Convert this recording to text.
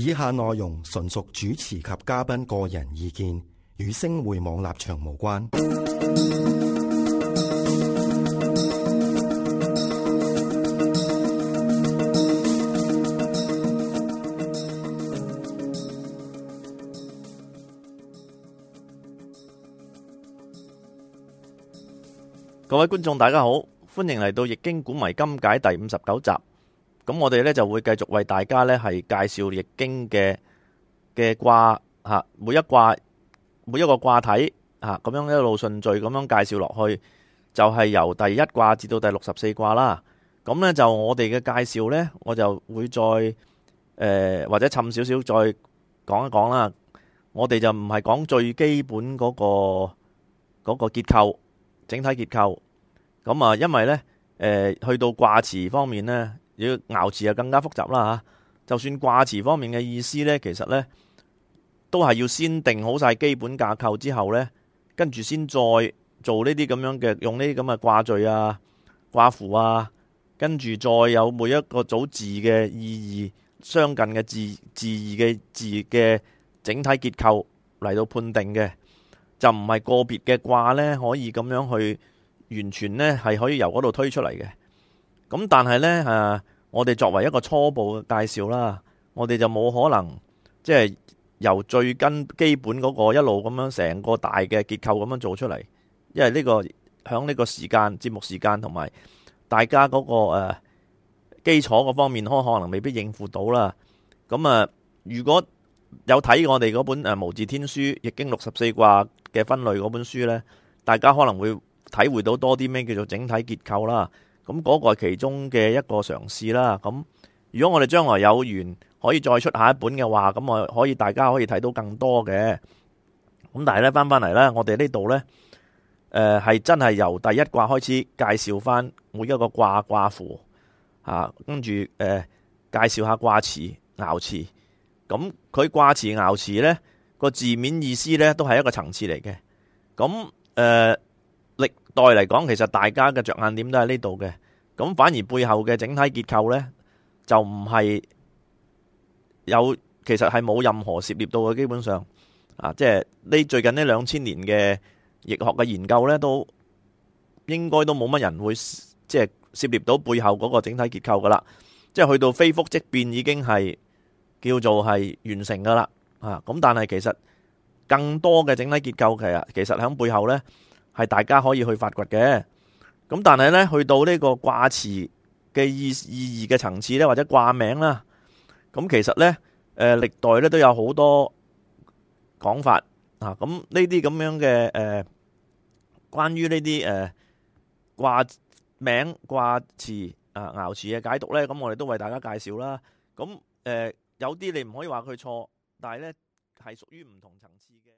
以下內容純屬主持及嘉賓個人意見，與星匯網立場無關。各位觀眾，大家好，歡迎嚟到《易經古謎今解》第五十九集。咁我哋咧就會繼續為大家咧係介紹易經嘅嘅卦吓，每一卦每一個卦體吓，咁樣一路順序咁樣介紹落去，就係由第一卦至到第六十四卦啦。咁咧就我哋嘅介紹咧，我就會再誒、呃、或者滲少少再講一講啦。我哋就唔係講最基本嗰、那個嗰、那個結構整體結構，咁啊，因為咧誒、呃、去到卦辭方面咧。要爻辭就更加複雜啦吓，就算卦辭方面嘅意思呢，其實呢都係要先定好晒基本架構之後呢，跟住先再做呢啲咁樣嘅用呢啲咁嘅卦序啊、卦符啊，跟住再有每一個組字嘅意義相近嘅字字字義嘅字嘅整體結構嚟到判定嘅，就唔係個別嘅卦呢，可以咁樣去完全呢，係可以由嗰度推出嚟嘅。咁但係呢，啊、我哋作為一個初步嘅介紹啦，我哋就冇可能即係、就是、由最根基本嗰、那個一路咁樣成個大嘅結構咁樣做出嚟，因為呢、這個響呢個時間節目時間同埋大家嗰、那個、啊、基礎嗰方面，可可能未必應付到啦。咁啊，如果有睇我哋嗰本誒《無字天書》《易經六十四卦》嘅分類嗰本書呢，大家可能會體會到多啲咩叫做整體結構啦。咁嗰個係其中嘅一個嘗試啦。咁如果我哋將來有緣可以再出下一本嘅話，咁我可以大家可以睇到更多嘅。咁但係咧翻返嚟咧，我哋呢度咧，誒、呃、係真係由第一卦開始介紹翻每一個卦卦符嚇，跟住誒介紹下卦詞爻詞。咁佢、嗯、卦詞爻詞咧個字面意思咧都係一個層次嚟嘅。咁、嗯、誒。呃歷代嚟講，其實大家嘅着眼點都喺呢度嘅，咁反而背後嘅整體結構呢，就唔係有，其實係冇任何涉獵到嘅。基本上啊，即係呢最近呢兩千年嘅易學嘅研究呢，都應該都冇乜人會即係涉獵到背後嗰個整體結構噶啦。即係去到非復即變已經係叫做係完成噶啦啊。咁但係其實更多嘅整體結構其，其實其實喺背後呢。係大家可以去發掘嘅，咁但係咧去到呢個卦辭嘅意意義嘅層次咧，或者卦名啦，咁其實咧，誒歷代咧都有好多講法啊，咁呢啲咁樣嘅誒、呃，關於呢啲誒卦名卦辭啊爻辭嘅解讀咧，咁我哋都為大家介紹啦。咁、啊、誒有啲你唔可以話佢錯，但係咧係屬於唔同層次嘅。